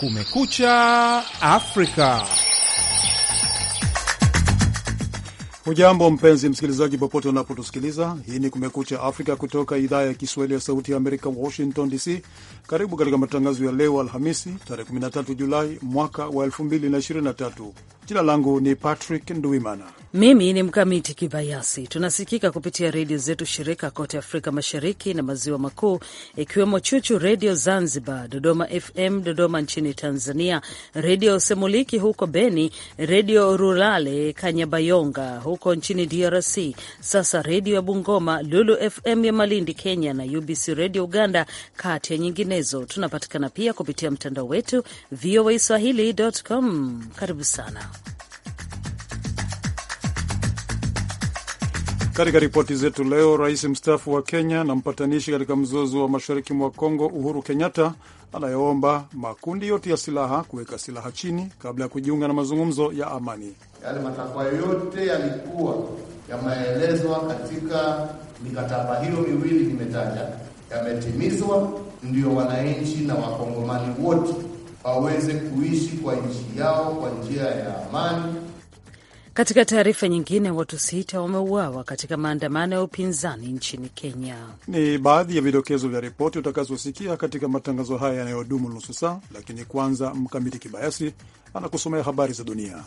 Kumekucha Afrika. Hujambo mpenzi msikilizaji, popote unapotusikiliza. Hii ni Kumekucha Afrika kutoka idhaa ya Kiswahili ya Sauti ya Amerika, Washington DC. Karibu katika matangazo ya leo Alhamisi, tarehe 13 Julai mwaka wa 2023. Jina langu ni Patrick Nduimana mimi ni Mkamiti Kibayasi. Tunasikika kupitia redio zetu shirika kote Afrika Mashariki na Maziwa Makuu, ikiwemo Chuchu Redio Zanzibar, Dodoma FM Dodoma nchini Tanzania, Redio Semuliki huko Beni, Redio Rurale Kanyabayonga huko nchini DRC, sasa redio ya Bungoma, Lulu FM ya Malindi Kenya na UBC Redio Uganda, kati ya nyinginezo. Tunapatikana pia kupitia mtandao wetu voa swahili.com. Karibu sana. Katika ripoti zetu leo, rais mstaafu wa Kenya na mpatanishi katika mzozo wa mashariki mwa Kongo Uhuru Kenyatta anayeomba makundi yote ya silaha kuweka silaha chini kabla ya kujiunga na mazungumzo ya amani. Yale matakwa yote yalikuwa yameelezwa katika mikataba hiyo miwili nimetaja, yametimizwa, ndio wananchi na wakongomani wote waweze kuishi kwa nchi yao kwa njia ya amani katika taarifa nyingine, watu sita wameuawa katika maandamano ya upinzani nchini Kenya. Ni baadhi ya vidokezo vya ripoti utakazosikia katika matangazo haya yanayodumu nusu saa, lakini kwanza, Mkamiti Kibayasi anakusomea habari za dunia.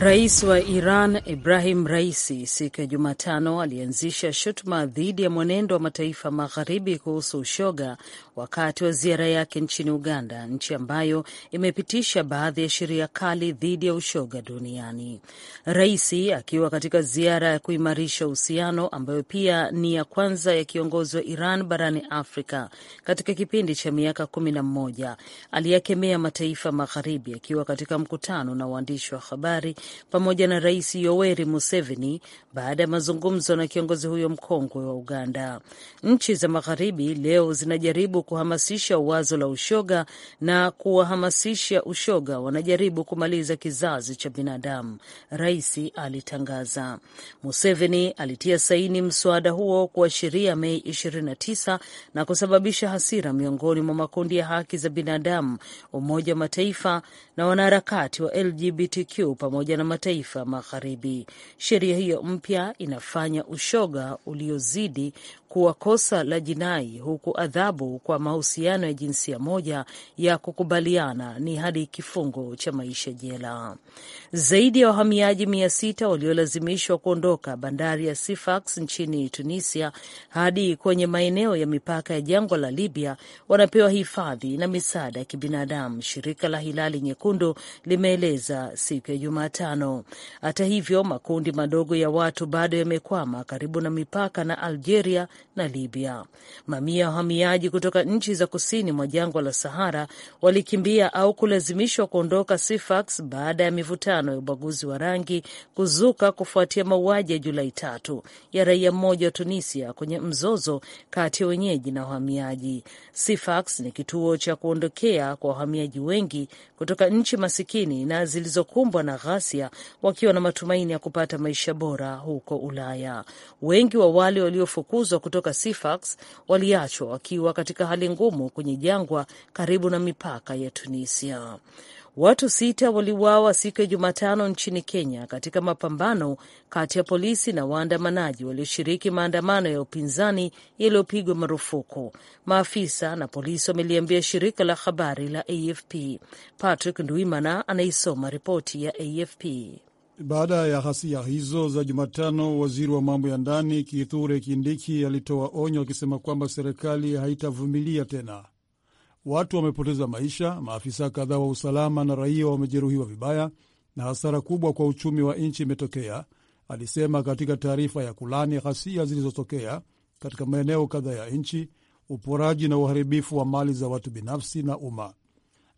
Rais wa Iran Ibrahim Raisi siku ya Jumatano alianzisha shutuma dhidi ya mwenendo wa mataifa magharibi kuhusu ushoga wakati wa ziara yake nchini Uganda, nchi ambayo imepitisha baadhi ya sheria kali dhidi ya ushoga duniani. Raisi akiwa katika ziara ya kuimarisha uhusiano ambayo pia ni ya kwanza ya kiongozi wa Iran barani Afrika katika kipindi cha miaka kumi na mmoja aliyekemea mataifa magharibi akiwa katika mkutano na waandishi wa habari pamoja na Rais Yoweri Museveni baada ya mazungumzo na kiongozi huyo mkongwe wa Uganda. Nchi za Magharibi leo zinajaribu kuhamasisha wazo la ushoga na kuwahamasisha ushoga, wanajaribu kumaliza kizazi cha binadamu, rais alitangaza. Museveni alitia saini mswada huo kuashiria Mei 29 na kusababisha hasira miongoni mwa makundi ya haki za binadamu, Umoja wa Mataifa na wanaharakati wa LGBTQ pamoja na mataifa magharibi. Sheria hiyo mpya inafanya ushoga uliozidi kuwa kosa la jinai, huku adhabu kwa mahusiano ya jinsia moja ya kukubaliana ni hadi kifungo cha maisha jela. Zaidi ya wahamiaji mia sita waliolazimishwa kuondoka bandari ya Sfax nchini Tunisia hadi kwenye maeneo ya mipaka ya jangwa la Libya wanapewa hifadhi na misaada ya kibinadamu. Shirika la Hilali Nyekundu Nyekundu limeeleza siku ya Jumatano. Hata hivyo, makundi madogo ya watu bado yamekwama karibu na mipaka na Algeria na Libya. Mamia ya wahamiaji kutoka nchi za kusini mwa jangwa la Sahara walikimbia au kulazimishwa kuondoka Sfax baada ya mivutano ya ubaguzi wa rangi kuzuka kufuatia mauaji ya Julai tatu ya raia mmoja wa Tunisia kwenye mzozo kati ya wenyeji na wahamiaji. Sfax ni kituo cha kuondokea kwa wahamiaji wengi kutoka nchi masikini na zilizokumbwa na ghasia wakiwa na matumaini ya kupata maisha bora huko Ulaya. Wengi wa wale waliofukuzwa kutoka Sifax waliachwa wakiwa katika hali ngumu kwenye jangwa karibu na mipaka ya Tunisia. Watu sita waliuawa siku ya Jumatano nchini Kenya katika mapambano kati ya polisi na waandamanaji walioshiriki maandamano ya upinzani yaliyopigwa marufuku, maafisa na polisi wameliambia shirika la habari la AFP. Patrick Ndwimana anaisoma ripoti ya AFP. Baada ya ghasia hizo za Jumatano, waziri wa mambo ya ndani Kithure Kindiki alitoa onyo akisema kwamba serikali haitavumilia tena Watu wamepoteza maisha, maafisa kadhaa wa usalama na raia wamejeruhiwa vibaya, na hasara kubwa kwa uchumi wa nchi imetokea, alisema katika taarifa ya kulani ghasia zilizotokea katika maeneo kadhaa ya nchi, uporaji na uharibifu wa mali za watu binafsi na umma.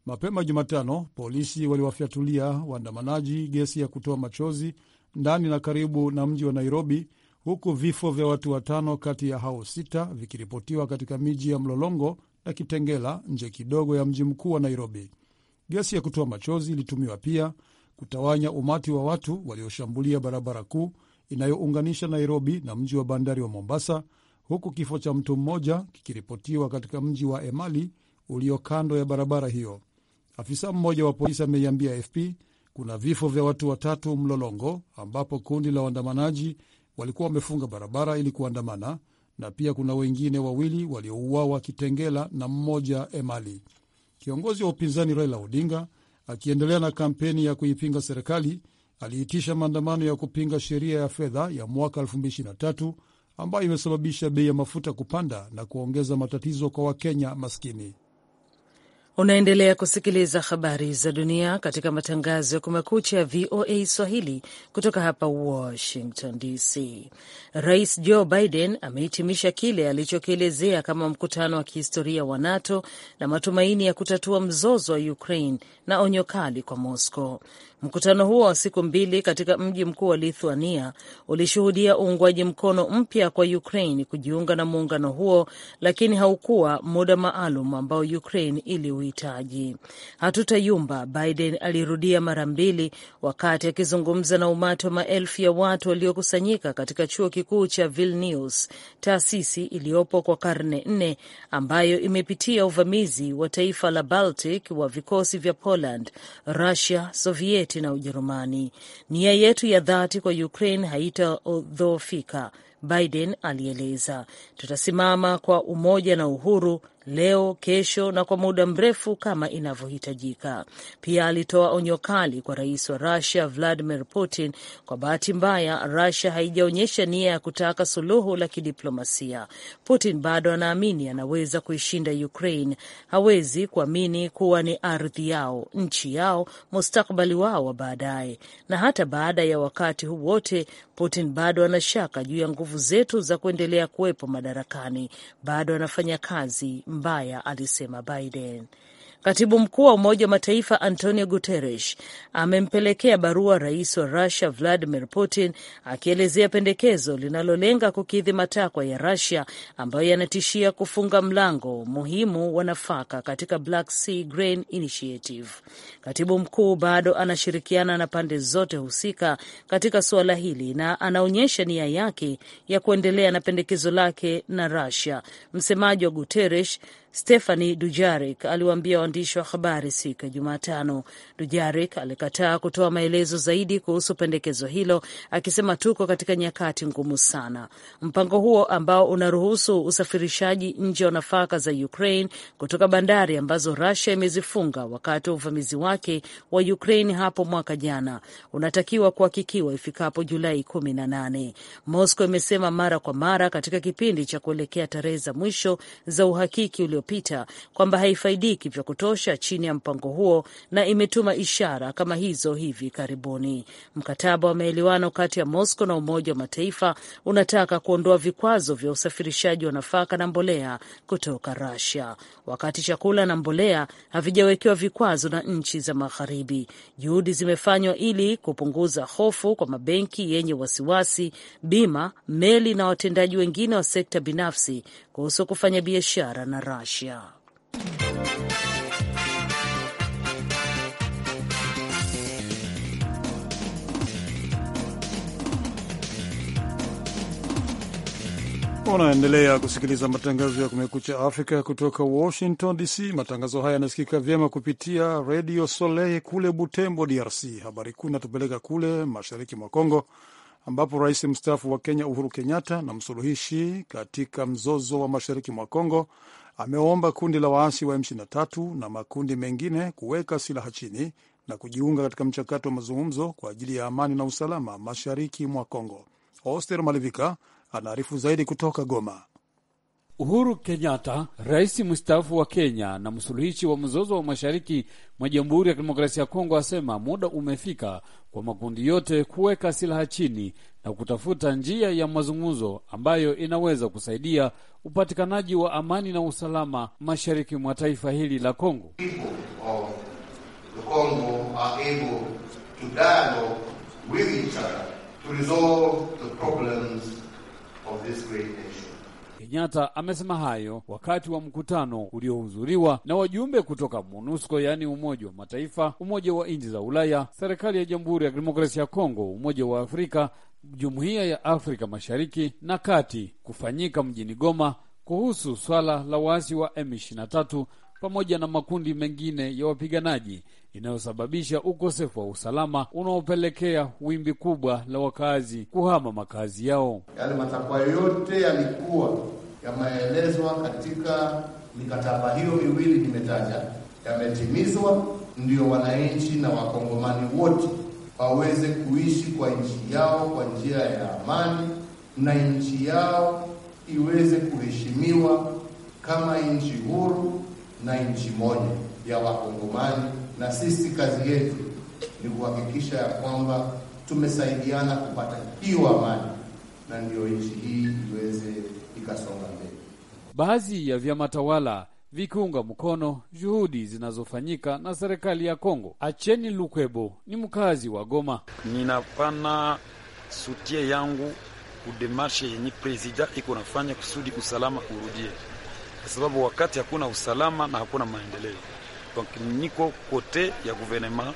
Mapema Jumatano, polisi waliwafyatulia waandamanaji gesi ya kutoa machozi ndani na karibu na mji wa Nairobi, huku vifo vya watu watano kati ya hao sita vikiripotiwa katika miji ya mlolongo na Kitengela, nje kidogo ya mji mkuu wa Nairobi. Gesi ya kutoa machozi ilitumiwa pia kutawanya umati wa watu walioshambulia barabara kuu inayounganisha Nairobi na mji wa bandari wa Mombasa, huku kifo cha mtu mmoja kikiripotiwa katika mji wa Emali ulio kando ya barabara hiyo. Afisa mmoja wa polisi ameiambia AFP kuna vifo vya watu watatu mlolongo, ambapo kundi la waandamanaji walikuwa wamefunga barabara ili kuandamana, na pia kuna wengine wawili waliouawa Kitengela na mmoja Emali. Kiongozi wa upinzani Raila Odinga akiendelea na kampeni ya kuipinga serikali aliitisha maandamano ya kupinga sheria ya fedha ya mwaka 2023 ambayo imesababisha bei ya mafuta kupanda na kuongeza matatizo kwa Wakenya maskini. Unaendelea kusikiliza habari za dunia katika matangazo ya kumekucha ya VOA Swahili kutoka hapa Washington DC. Rais Joe Biden amehitimisha kile alichokielezea kama mkutano wa kihistoria wa NATO na matumaini ya kutatua mzozo wa Ukraine na onyo kali kwa Moscow. Mkutano huo wa siku mbili katika mji mkuu wa Lithuania ulishuhudia uungwaji mkono mpya kwa Ukraine kujiunga na muungano huo, lakini haukuwa muda maalum ambao Ukraine iliuhitaji. Hatutayumba, Biden alirudia mara mbili wakati akizungumza na umati wa maelfu ya watu waliokusanyika katika chuo kikuu cha Vilnius, taasisi iliyopo kwa karne nne ambayo imepitia uvamizi wa taifa la Baltic wa vikosi vya Poland, Russia, Soviet Soviet na Ujerumani. Nia yetu ya dhati kwa Ukraine haitadhoofika, Biden alieleza. Tutasimama kwa umoja na uhuru leo, kesho na kwa muda mrefu kama inavyohitajika. Pia alitoa onyo kali kwa rais wa Rusia Vladimir Putin. Kwa bahati mbaya, Rusia haijaonyesha nia ya kutaka suluhu la kidiplomasia. Putin bado anaamini anaweza kuishinda Ukraine. Hawezi kuamini kuwa ni ardhi yao, nchi yao, mustakbali wao wa baadaye. Na hata baada ya wakati huu wote, Putin bado anashaka juu ya nguvu zetu za kuendelea kuwepo madarakani. Bado anafanya kazi mbaya, alisema Biden. Katibu mkuu wa Umoja wa Mataifa Antonio Guterres amempelekea barua rais wa Rusia Vladimir Putin akielezea pendekezo linalolenga kukidhi matakwa ya Rusia ambayo yanatishia kufunga mlango muhimu wa nafaka katika Black Sea Grain Initiative. Katibu mkuu bado anashirikiana na pande zote husika katika suala hili na anaonyesha nia yake ya kuendelea na pendekezo lake na Rusia. Msemaji wa Guterres Stephani Dujarik aliwaambia waandishi wa habari siku ya Jumatano. Dujarik alikataa kutoa maelezo zaidi kuhusu pendekezo hilo, akisema tuko katika nyakati ngumu sana. Mpango huo ambao unaruhusu usafirishaji nje wa nafaka za Ukraine kutoka bandari ambazo rasia imezifunga wakati wa uvamizi wake wa Ukraine hapo mwaka jana unatakiwa kuhakikiwa ifikapo Julai kumi na nane. Moscow imesema mara kwa mara katika kipindi cha kuelekea tarehe za mwisho za uhakiki ulio iliyopita kwamba haifaidiki vya kutosha chini ya mpango huo na imetuma ishara kama hizo hivi karibuni. Mkataba wa maelewano kati ya Moscow na Umoja wa Mataifa unataka kuondoa vikwazo vya usafirishaji wa nafaka na mbolea kutoka Russia, wakati chakula na mbolea havijawekewa vikwazo na nchi za Magharibi. Juhudi zimefanywa ili kupunguza hofu kwa mabenki yenye wasiwasi, bima, meli na watendaji wengine wa sekta binafsi kuhusu kufanya biashara na Russia. Unaendelea kusikiliza matangazo ya Kumekucha Afrika kutoka Washington DC. Matangazo haya yanasikika vyema kupitia Redio Soleil kule Butembo, DRC. Habari kuu inatupeleka kule mashariki mwa Kongo ambapo rais mstaafu wa Kenya Uhuru Kenyatta na msuluhishi katika mzozo wa mashariki mwa Kongo ameomba kundi la waasi wa M23 na makundi mengine kuweka silaha chini na kujiunga katika mchakato wa mazungumzo kwa ajili ya amani na usalama mashariki mwa Kongo. Oster Malivika anaarifu zaidi kutoka Goma. Uhuru Kenyatta, rais mstaafu wa Kenya na msuluhishi wa mzozo wa mashariki mwa Jamhuri ya Kidemokrasia ya Kongo, asema muda umefika kwa makundi yote kuweka silaha chini na kutafuta njia ya mazungumzo ambayo inaweza kusaidia upatikanaji wa amani na usalama mashariki mwa taifa hili la Kongo. Kenyatta amesema hayo wakati wa mkutano uliohudhuriwa na wajumbe kutoka MONUSCO, yaani Umoja wa Mataifa, Umoja wa Nchi za Ulaya, serikali ya Jamhuri ya Kidemokrasia ya Kongo, Umoja wa Afrika, Jumuiya ya Afrika Mashariki na Kati, kufanyika mjini Goma kuhusu swala la waasi wa M23 pamoja na makundi mengine ya wapiganaji inayosababisha ukosefu wa usalama unaopelekea wimbi kubwa la wakazi kuhama makazi yao. Yale yaani matakwa yote yalikuwa yameelezwa katika mikataba hiyo miwili nimetaja yametimizwa, ndio wananchi na wakongomani wote waweze kuishi kwa nchi yao kwa njia ya amani na nchi yao iweze kuheshimiwa kama nchi huru na nchi moja ya Wakongomani. Na sisi kazi yetu ni kuhakikisha ya kwamba tumesaidiana kupata hiyo amani na ndiyo nchi hii iweze ikasonga mbele. Baadhi ya vyama tawala vikiunga mkono juhudi zinazofanyika na serikali ya Kongo. Acheni Lukwebo ni mkazi wa Goma. Ninapana sutie yangu kudemarshe yenye presida iko nafanya kusudi usalama urudie, kwa sababu wakati hakuna usalama na hakuna maendeleo. Donc niko kote ya guvernema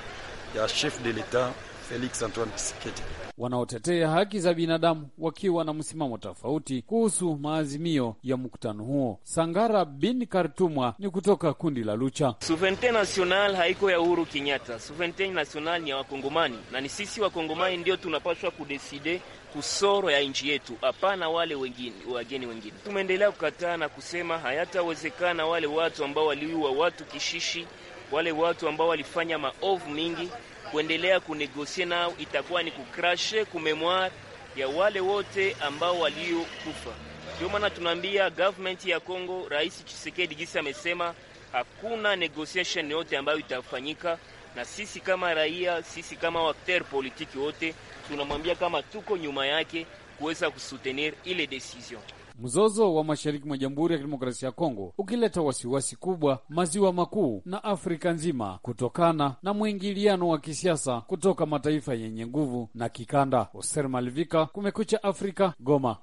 ya chef de l'etat Felix Antoine Tshisekedi. Wanaotetea haki za binadamu wakiwa na msimamo tofauti kuhusu maazimio ya mkutano huo. Sangara bin Kartumwa ni kutoka kundi la Lucha. Suvente national haiko ya Uhuru Kenyatta, suvente national ni ya Wakongomani na ni sisi Wakongomani ndio tunapaswa kudeside kusoro ya nchi yetu, hapana wale wengine, wageni wengine. Tumeendelea kukataa na kusema hayatawezekana wale watu ambao waliua watu kishishi, wale watu ambao walifanya maovu mingi kuendelea kunegosie nao itakuwa ni kukrashe kumemwar ya wale wote ambao waliokufa. Ndio maana tunaambia government ya Kongo, Rais chisekedi jinsi amesema, hakuna negotiation yote ambayo itafanyika, na sisi kama raia, sisi kama akter politiki wote tunamwambia kama tuko nyuma yake kuweza kusutenir ile decision. Mzozo wa mashariki mwa Jamhuri ya Kidemokrasia ya Kongo ukileta wasiwasi kubwa maziwa makuu na Afrika nzima kutokana na mwingiliano wa kisiasa kutoka mataifa yenye nguvu na kikanda. hoser Malivika, Kumekucha Afrika, Goma.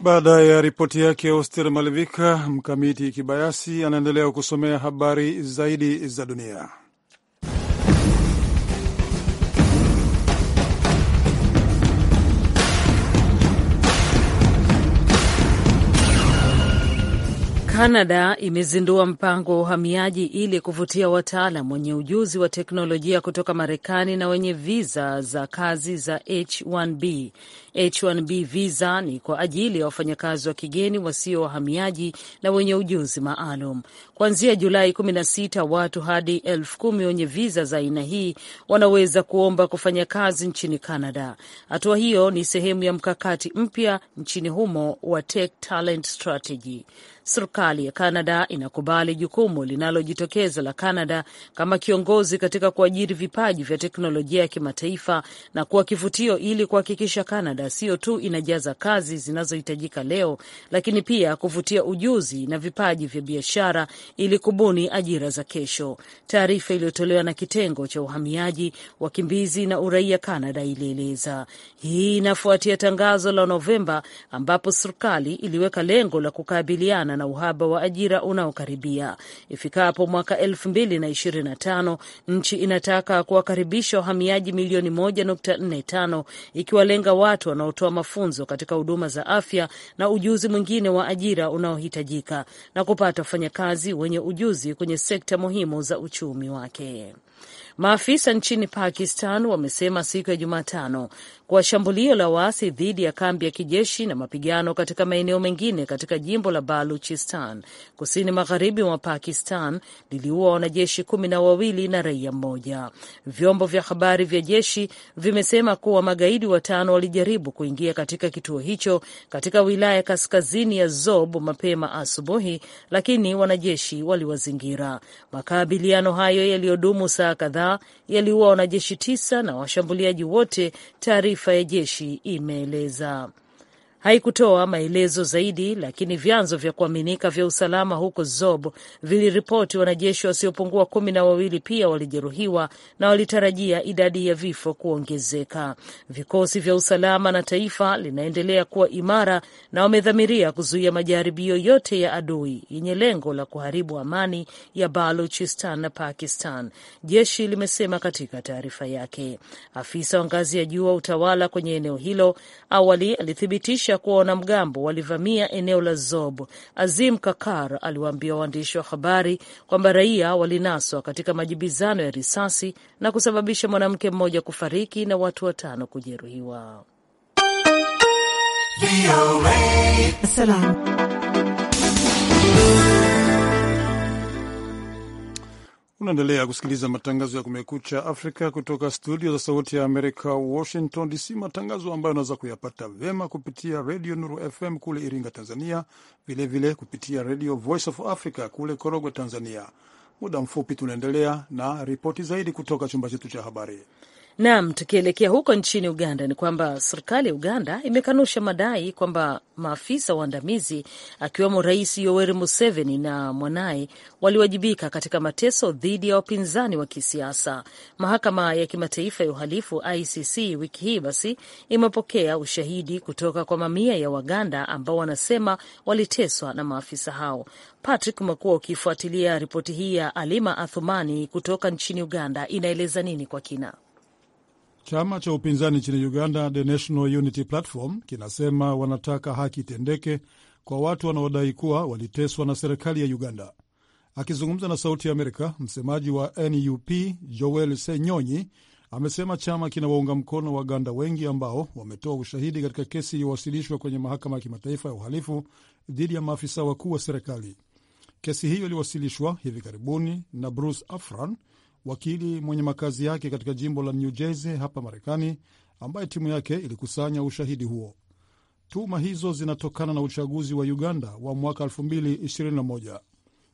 Baada ya ripoti yake Oster Malivika, Mkamiti Kibayasi anaendelea kusomea habari zaidi za dunia. Kanada imezindua mpango wa uhamiaji ili kuvutia wataalam wenye ujuzi wa teknolojia kutoka Marekani na wenye viza za kazi za H1B H1B visa ni kwa ajili ya wafanyakazi wa kigeni wasio wahamiaji na wenye ujuzi maalum. Kuanzia Julai 16 watu hadi elfu kumi wenye viza za aina hii wanaweza kuomba kufanya kazi nchini Canada. Hatua hiyo ni sehemu ya mkakati mpya nchini humo wa Tech Talent Strategy. Serikali ya Canada inakubali jukumu linalojitokeza la Canada kama kiongozi katika kuajiri vipaji vya teknolojia ya kimataifa na kuwa kivutio ili kuhakikisha Canada sio tu inajaza kazi zinazohitajika leo, lakini pia kuvutia ujuzi na vipaji vya biashara ili kubuni ajira za kesho. Taarifa iliyotolewa na kitengo cha uhamiaji, wakimbizi na uraia Canada ilieleza hii inafuatia tangazo la Novemba ambapo serikali iliweka lengo la kukabiliana na uhaba wa ajira unaokaribia ifikapo mwaka elfu mbili na ishirini na tano. Nchi inataka kuwakaribisha wahamiaji milioni moja nukta nne tano ikiwalenga watu watu wanaotoa mafunzo katika huduma za afya na ujuzi mwingine wa ajira unaohitajika na kupata wafanyakazi wenye ujuzi kwenye sekta muhimu za uchumi wake. Maafisa nchini Pakistan wamesema siku ya Jumatano kuwa shambulio la waasi dhidi ya kambi ya kijeshi na mapigano katika maeneo mengine katika jimbo la Baluchistan kusini magharibi mwa Pakistan liliua wanajeshi kumi na wawili na raia mmoja. Vyombo vya habari vya jeshi vimesema kuwa magaidi watano walijaribu kuingia katika kituo hicho katika wilaya ya kaskazini ya Zob mapema asubuhi, lakini wanajeshi waliwazingira. Makabiliano hayo yaliyodumu saa masaa kadhaa yaliua wanajeshi tisa na washambuliaji wote, taarifa ya jeshi imeeleza haikutoa maelezo zaidi, lakini vyanzo vya kuaminika vya usalama huko Zob viliripoti wanajeshi wasiopungua kumi na wawili pia walijeruhiwa na walitarajia idadi ya vifo kuongezeka. Vikosi vya usalama na taifa linaendelea kuwa imara na wamedhamiria kuzuia majaribio yote ya adui yenye lengo la kuharibu amani ya Baluchistan na Pakistan, jeshi limesema katika taarifa yake. Afisa wa ngazi ya juu wa utawala kwenye eneo hilo awali alithibitisha kuthibitisha kuwa wanamgambo walivamia eneo la Zob. Azim Kakar aliwaambia waandishi wa habari kwamba raia walinaswa katika majibizano ya risasi na kusababisha mwanamke mmoja kufariki na watu watano kujeruhiwa. Unaendelea kusikiliza matangazo ya Kumekucha Afrika kutoka studio za Sauti ya Amerika, Washington DC, matangazo ambayo unaweza kuyapata vema kupitia Redio Nuru FM kule Iringa, Tanzania, vilevile vile kupitia Redio Voice of Africa kule Korogwe, Tanzania. Muda mfupi tunaendelea na ripoti zaidi kutoka chumba chetu cha habari. Naam, tukielekea huko nchini Uganda ni kwamba serikali ya Uganda imekanusha madai kwamba maafisa waandamizi akiwemo Rais Yoweri Museveni na mwanaye waliwajibika katika mateso dhidi ya wapinzani wa kisiasa. Mahakama ya Kimataifa ya Uhalifu ICC wiki hii basi imepokea ushahidi kutoka kwa mamia ya Waganda ambao wanasema waliteswa na maafisa hao. Patrick, umekuwa ukifuatilia ripoti hii ya Alima Athumani kutoka nchini Uganda, inaeleza nini kwa kina? Chama cha upinzani nchini Uganda, The National Unity Platform, kinasema wanataka haki itendeke kwa watu wanaodai kuwa waliteswa na serikali ya Uganda. Akizungumza na Sauti ya Amerika, msemaji wa NUP Joel Senyonyi amesema chama kinawaunga mkono Waganda wengi ambao wametoa ushahidi katika kesi iliyowasilishwa kwenye mahakama ya kimataifa ya uhalifu dhidi ya maafisa wakuu wa serikali. Kesi hiyo iliwasilishwa hivi karibuni na Bruce Afran, wakili mwenye makazi yake katika jimbo la New Jersey hapa Marekani, ambaye timu yake ilikusanya ushahidi huo. Tuhuma hizo zinatokana na uchaguzi wa Uganda wa mwaka 2021.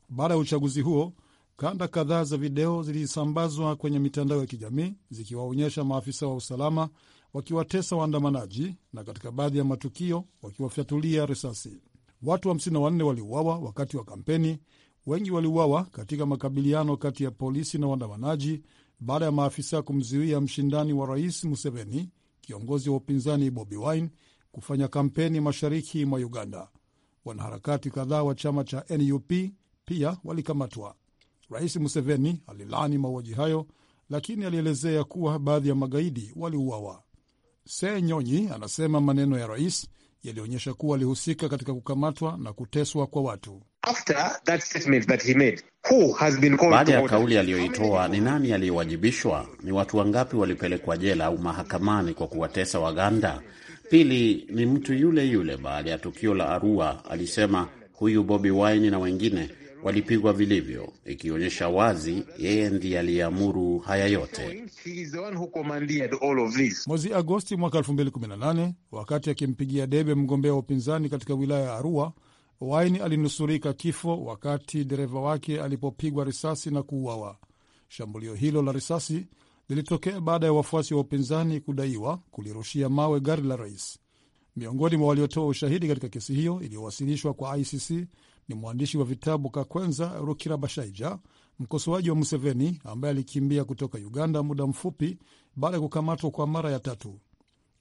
Baada ya uchaguzi huo, kanda kadhaa za video zilisambazwa kwenye mitandao ya kijamii zikiwaonyesha maafisa wa usalama wakiwatesa waandamanaji na katika baadhi ya matukio wakiwafyatulia risasi. Watu 54 waliuawa wakati wa kampeni Wengi waliuawa katika makabiliano kati ya polisi na waandamanaji baada ya maafisa kumzuia mshindani wa rais Museveni, kiongozi wa upinzani Bobi Wine, kufanya kampeni mashariki mwa Uganda. Wanaharakati kadhaa wa chama cha NUP pia walikamatwa. Rais Museveni alilaani mauaji hayo, lakini alielezea kuwa baadhi ya magaidi waliuawa. Se Nyonyi anasema maneno ya rais yalionyesha kuwa alihusika katika kukamatwa na kuteswa kwa watu. Baada ya kauli aliyoitoa, ni nani aliyewajibishwa? Ni watu wangapi walipelekwa jela au mahakamani kwa kuwatesa Waganda? Pili, ni mtu yule yule baada ya tukio la Arua alisema huyu Bobi Wine na wengine walipigwa vilivyo, ikionyesha wazi yeye ndiye aliyeamuru haya yote. Mwezi Agosti mwaka 2018 wakati akimpigia debe mgombea wa upinzani katika wilaya ya Arua, Waini alinusurika kifo wakati dereva wake alipopigwa risasi na kuuawa. Shambulio hilo la risasi lilitokea baada ya wafuasi wa upinzani kudaiwa kulirushia mawe gari la rais. Miongoni mwa waliotoa ushahidi katika kesi hiyo iliyowasilishwa kwa ICC ni mwandishi wa vitabu Kakwenza Rukirabashaija, mkosoaji wa Museveni ambaye alikimbia kutoka Uganda muda mfupi baada ya kukamatwa kwa mara ya tatu.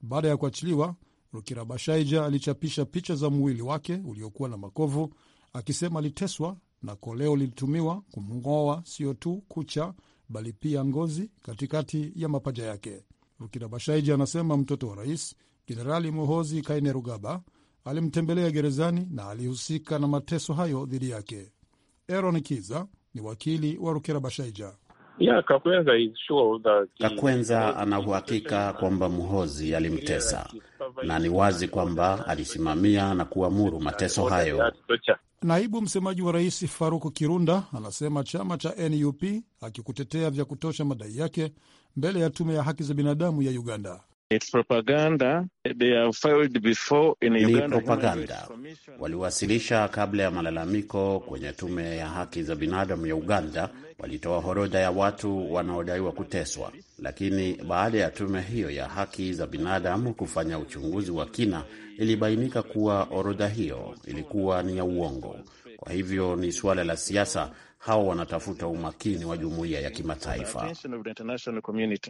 Baada ya kuachiliwa rukirabashaija alichapisha picha za mwili wake uliokuwa na makovu akisema aliteswa na koleo lilitumiwa kumng'oa sio tu kucha bali pia ngozi katikati ya mapaja yake. rukirabashaija anasema mtoto wa rais Jenerali Mohozi Kainerugaba alimtembelea gerezani na alihusika na mateso hayo dhidi yake. Aaron Kiza ni wakili wa rukirabashaija Yeah, Kakwenza, is sure that Kakwenza ana uhakika kwamba Muhozi alimtesa na ni wazi kwamba alisimamia na kuamuru mateso hayo. Naibu msemaji wa rais Faruku Kirunda anasema chama cha NUP akikutetea vya kutosha madai yake mbele ya tume ya haki za binadamu ya Uganda. It's propaganda. They have filed before in Uganda. Ni propaganda waliwasilisha kabla ya malalamiko kwenye tume ya haki za binadamu ya Uganda walitoa horodha ya watu wanaodaiwa kuteswa, lakini baada ya tume hiyo ya haki za binadamu kufanya uchunguzi wa kina, ilibainika kuwa orodha hiyo ilikuwa ni ya uongo. Kwa hivyo ni suala la siasa. Hawa wanatafuta umakini wa jumuiya ya kimataifa.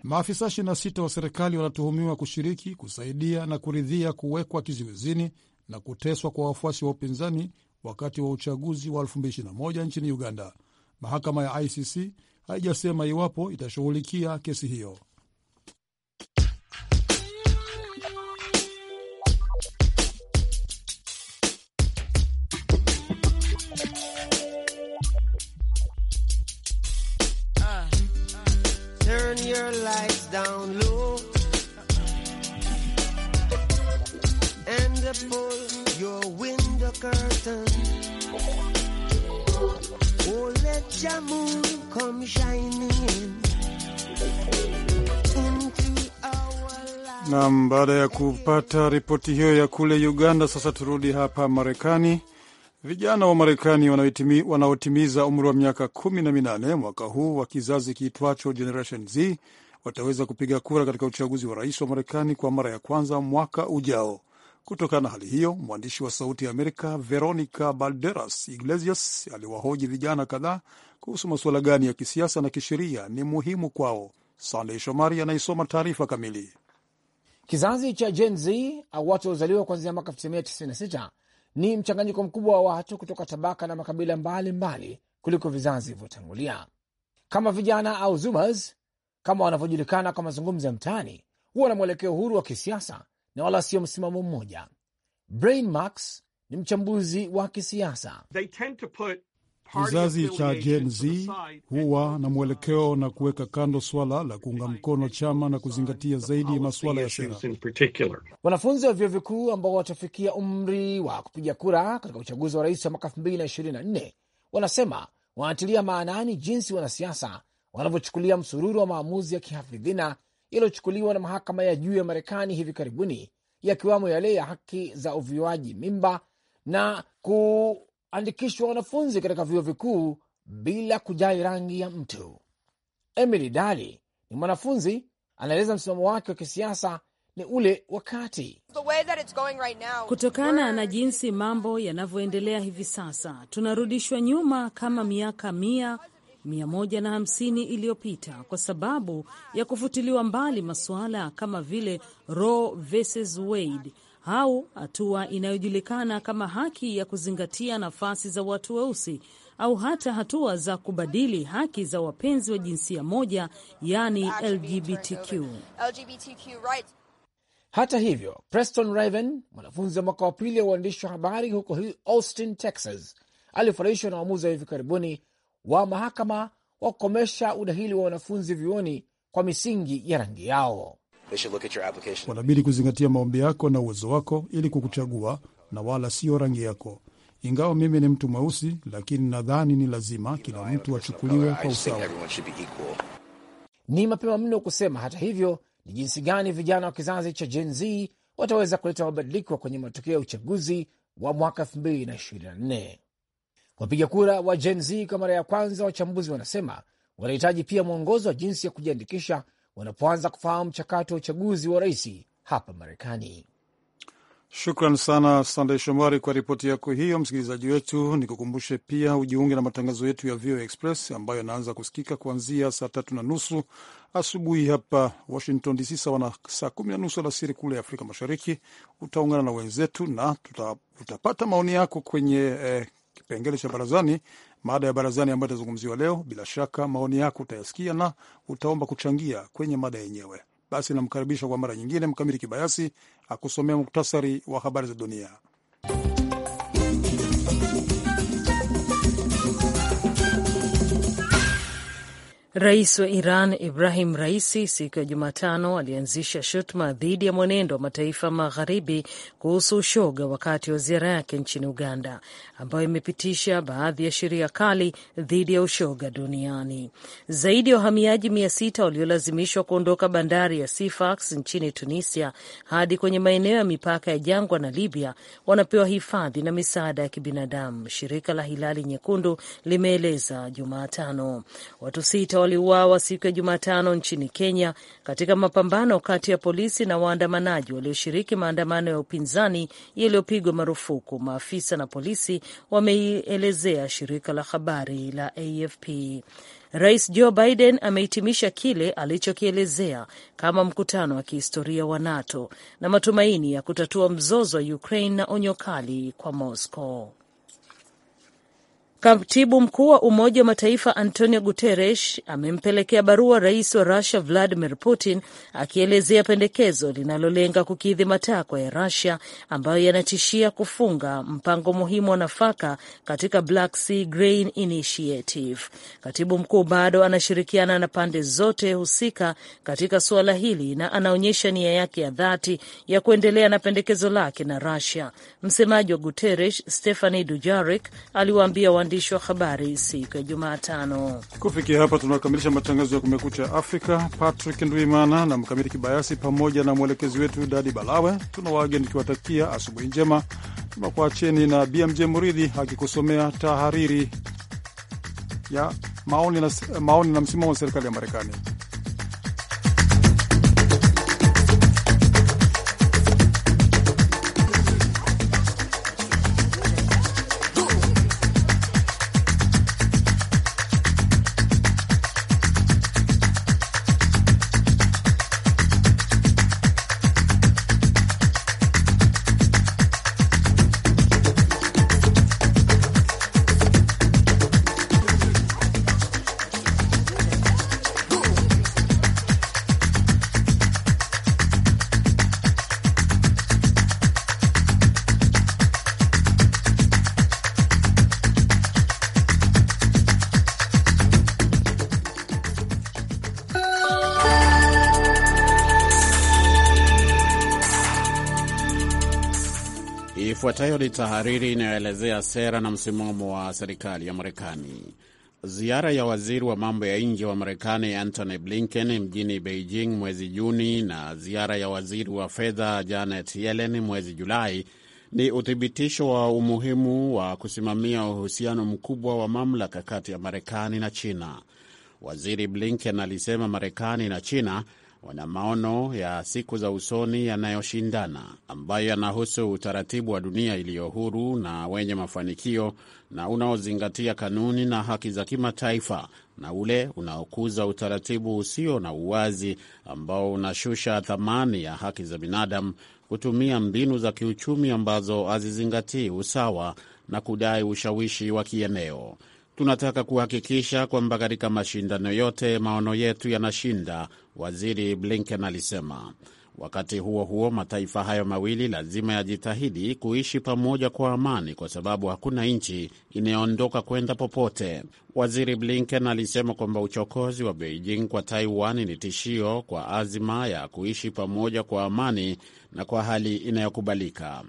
Maafisa 26 wa serikali wanatuhumiwa kushiriki, kusaidia na kuridhia kuwekwa kizuizini na kuteswa kwa wafuasi wa upinzani wakati wa uchaguzi wa 2021 nchini Uganda. Mahakama ya ICC haijasema iwapo itashughulikia kesi hiyo. Uh, window uh, Oh, let your moon come shining nam. Baada ya kupata ripoti hiyo ya kule Uganda, sasa turudi hapa Marekani. Vijana wa Marekani wanaotimiza umri wa miaka kumi na minane mwaka huu wa kizazi kiitwacho Generation Z wataweza kupiga kura katika uchaguzi wa rais wa Marekani kwa mara ya kwanza mwaka ujao. Kutokana na hali hiyo, mwandishi wa Sauti ya Amerika Veronica Balderas Iglesias aliwahoji vijana kadhaa kuhusu masuala gani ya kisiasa na kisheria ni muhimu kwao. Sandey Shomari anaisoma taarifa kamili. Kizazi cha Gen Z au watu waliozaliwa kuanzia mwaka 1996 ni mchanganyiko mkubwa wa watu kutoka tabaka na makabila mbalimbali mbali kuliko vizazi vilivyotangulia. Kama vijana au zumas kama wanavyojulikana kwa mazungumzo ya mtaani, huwa na mwelekeo huru wa kisiasa na wala sio msimamo mmoja. Brain Max ni mchambuzi wa kisiasa. Kizazi cha Gen Z huwa na mwelekeo na kuweka kando swala la kuunga mkono chama na kuzingatia zaidi masuala ya sera. Wanafunzi wa vyuo vikuu ambao watafikia umri wa kupiga kura katika uchaguzi wa rais wa mwaka 2024 wanasema wanatilia maanani jinsi wanasiasa wanavyochukulia msururu wa maamuzi ya kihafidhina yaliyochukuliwa na mahakama ya juu ya Marekani hivi karibuni, yakiwamo yale ya haki za uviwaji mimba na kuandikishwa wanafunzi katika vyuo vikuu bila kujali rangi ya mtu. Emily Dali ni mwanafunzi, anaeleza msimamo wake wa kisiasa ni ule wakati. Right now, kutokana na jinsi mambo yanavyoendelea hivi sasa, tunarudishwa nyuma kama miaka mia 150 iliyopita kwa sababu ya kufutiliwa mbali masuala kama vile Roe versus Wade au hatua inayojulikana kama haki ya kuzingatia nafasi za watu weusi au hata hatua za kubadili haki za wapenzi wa jinsia moja yani LGBTQ. Hata hivyo, Preston Raven, mwanafunzi wa mwaka wa pili wa uandishi wa habari huko Austin, Texas, alifurahishwa na uamuzi wa hivi karibuni wa mahakama wa kukomesha udahili wa wanafunzi vyuoni kwa misingi ya rangi yao. Wanabidi kuzingatia maombi yako na uwezo wako ili kukuchagua na wala sio rangi yako. Ingawa mimi ni mtu mweusi, lakini nadhani ni lazima kila mtu achukuliwe kwa usawa. Ni mapema mno kusema, hata hivyo, ni jinsi gani vijana wa kizazi cha Gen Z wataweza kuleta mabadiliko kwenye matokeo ya uchaguzi wa mwaka 224 Wapiga kura wa Gen Z kwa mara ya kwanza, wachambuzi wanasema, wanahitaji pia mwongozo wa jinsi ya kujiandikisha wanapoanza kufahamu mchakato wa uchaguzi wa rais hapa Marekani. Shukran sana Sandey Shomari kwa ripoti yako hiyo. Msikilizaji wetu, nikukumbushe pia ujiunge na matangazo yetu ya VOA Express ambayo yanaanza kusikika kuanzia saa tatu na nusu asubuhi hapa Washington DC, sawa na saa kumi na nusu alasiri kule Afrika Mashariki. Utaungana na wenzetu na tuta, utapata maoni yako kwenye eh, kipengele cha barazani. Mada ya barazani ambayo itazungumziwa leo, bila shaka maoni yako utayasikia na utaomba kuchangia kwenye mada yenyewe. Basi namkaribisha kwa mara nyingine mkamiri Kibayasi akusomea muktasari wa habari za dunia. Rais wa Iran Ibrahim Raisi siku ya Jumatano alianzisha shutuma dhidi ya mwenendo wa mataifa magharibi kuhusu ushoga wakati wa ziara yake nchini Uganda, ambayo imepitisha baadhi ya sheria kali dhidi ya ushoga duniani. Zaidi ya wahamiaji mia sita waliolazimishwa kuondoka bandari ya Sifax nchini Tunisia hadi kwenye maeneo ya mipaka ya jangwa na Libya wanapewa hifadhi na misaada ya kibinadamu, shirika la Hilali Nyekundu limeeleza Jumatano. Watu sita waliuawa siku ya Jumatano nchini Kenya katika mapambano kati ya polisi na waandamanaji walioshiriki maandamano ya upinzani yaliyopigwa marufuku, maafisa na polisi wameielezea shirika la habari la AFP. Rais Joe Biden amehitimisha kile alichokielezea kama mkutano wa kihistoria wa NATO na matumaini ya kutatua mzozo wa Ukraine na onyo kali kwa Moscow. Katibu mkuu wa Umoja wa Mataifa Antonio Guterres amempelekea barua rais wa Rusia Vladimir Putin akielezea pendekezo linalolenga kukidhi matakwa ya Rusia ambayo yanatishia kufunga mpango muhimu wa nafaka katika Black Sea Grain Initiative. Katibu mkuu bado anashirikiana na pande zote husika katika suala hili na anaonyesha nia yake ya dhati ya kuendelea na pendekezo lake na Rusia. Msemaji wa Guterres Stephani dujarik aliwaambia waandishi wa habari siku ya Jumatano. Kufikia hapa, tunakamilisha matangazo ya Kumekucha Afrika. Patrick nduimana na Mkamiti Kibayasi pamoja na mwelekezi wetu Dadi Balawe tuna wageni tukiwatakia asubuhi njema. Tunakuacheni na BMJ Muridhi akikusomea tahariri ya maoni na, maoni na msimamo wa serikali ya Marekani. Ifuatayo ni tahariri inayoelezea sera na msimamo wa serikali ya Marekani. Ziara ya waziri wa mambo ya nje wa Marekani Antony Blinken mjini Beijing mwezi Juni na ziara ya waziri wa fedha Janet Yellen mwezi Julai ni uthibitisho wa umuhimu wa kusimamia uhusiano mkubwa wa mamlaka kati ya Marekani na China. Waziri Blinken alisema Marekani na China wana maono ya siku za usoni yanayoshindana ambayo yanahusu utaratibu wa dunia iliyo huru na wenye mafanikio na unaozingatia kanuni na haki za kimataifa na ule unaokuza utaratibu usio na uwazi ambao unashusha thamani ya haki za binadamu, kutumia mbinu za kiuchumi ambazo hazizingatii usawa na kudai ushawishi wa kieneo. Tunataka kuhakikisha kwamba katika mashindano yote maono yetu yanashinda waziri Blinken alisema. Wakati huo huo, mataifa hayo mawili lazima yajitahidi kuishi pamoja kwa amani, kwa sababu hakuna nchi inayoondoka kwenda popote. Waziri Blinken alisema kwamba uchokozi wa Beijing kwa Taiwan ni tishio kwa azima ya kuishi pamoja kwa amani na kwa hali inayokubalika.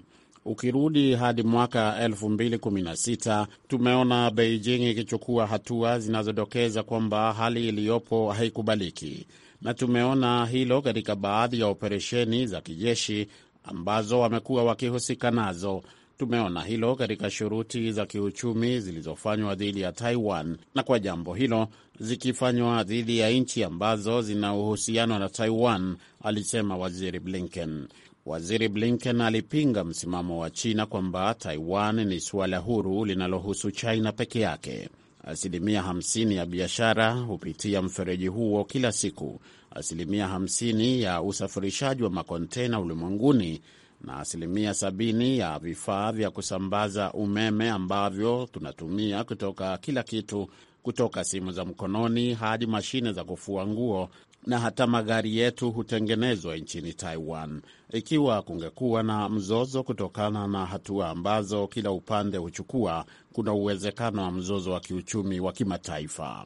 Ukirudi hadi mwaka 2016 tumeona Beijing ikichukua hatua zinazodokeza kwamba hali iliyopo haikubaliki, na tumeona hilo katika baadhi ya operesheni za kijeshi ambazo wamekuwa wakihusika nazo. Tumeona hilo katika shuruti za kiuchumi zilizofanywa dhidi ya Taiwan, na kwa jambo hilo zikifanywa dhidi ya nchi ambazo zina uhusiano na Taiwan, alisema Waziri Blinken. Waziri Blinken alipinga msimamo wa China kwamba Taiwan ni suala huru linalohusu China peke yake. Asilimia 50 ya biashara hupitia mfereji huo kila siku, asilimia 50 ya usafirishaji wa makontena ulimwenguni na asilimia 70 ya vifaa vya kusambaza umeme ambavyo tunatumia kutoka kila kitu, kutoka simu za mkononi hadi mashine za kufua nguo na hata magari yetu hutengenezwa nchini Taiwan. Ikiwa kungekuwa na mzozo kutokana na hatua ambazo kila upande huchukua, kuna uwezekano wa mzozo wa kiuchumi wa kimataifa.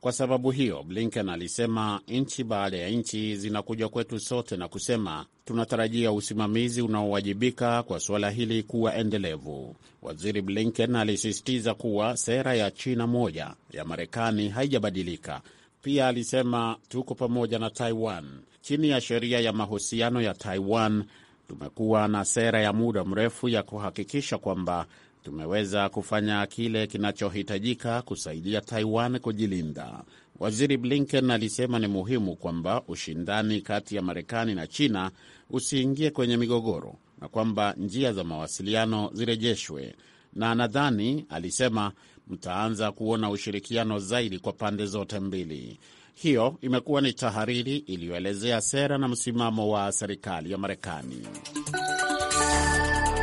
Kwa sababu hiyo, Blinken alisema nchi baada ya nchi zinakuja kwetu sote na kusema tunatarajia usimamizi unaowajibika kwa suala hili kuwa endelevu. Waziri Blinken alisisitiza kuwa sera ya China moja ya Marekani haijabadilika pia alisema tuko pamoja na Taiwan. Chini ya sheria ya mahusiano ya Taiwan, tumekuwa na sera ya muda mrefu ya kuhakikisha kwamba tumeweza kufanya kile kinachohitajika kusaidia Taiwan kujilinda. Waziri Blinken alisema ni muhimu kwamba ushindani kati ya Marekani na China usiingie kwenye migogoro na kwamba njia za mawasiliano zirejeshwe, na nadhani alisema mtaanza kuona ushirikiano zaidi kwa pande zote mbili. Hiyo imekuwa ni tahariri iliyoelezea sera na msimamo wa serikali ya Marekani.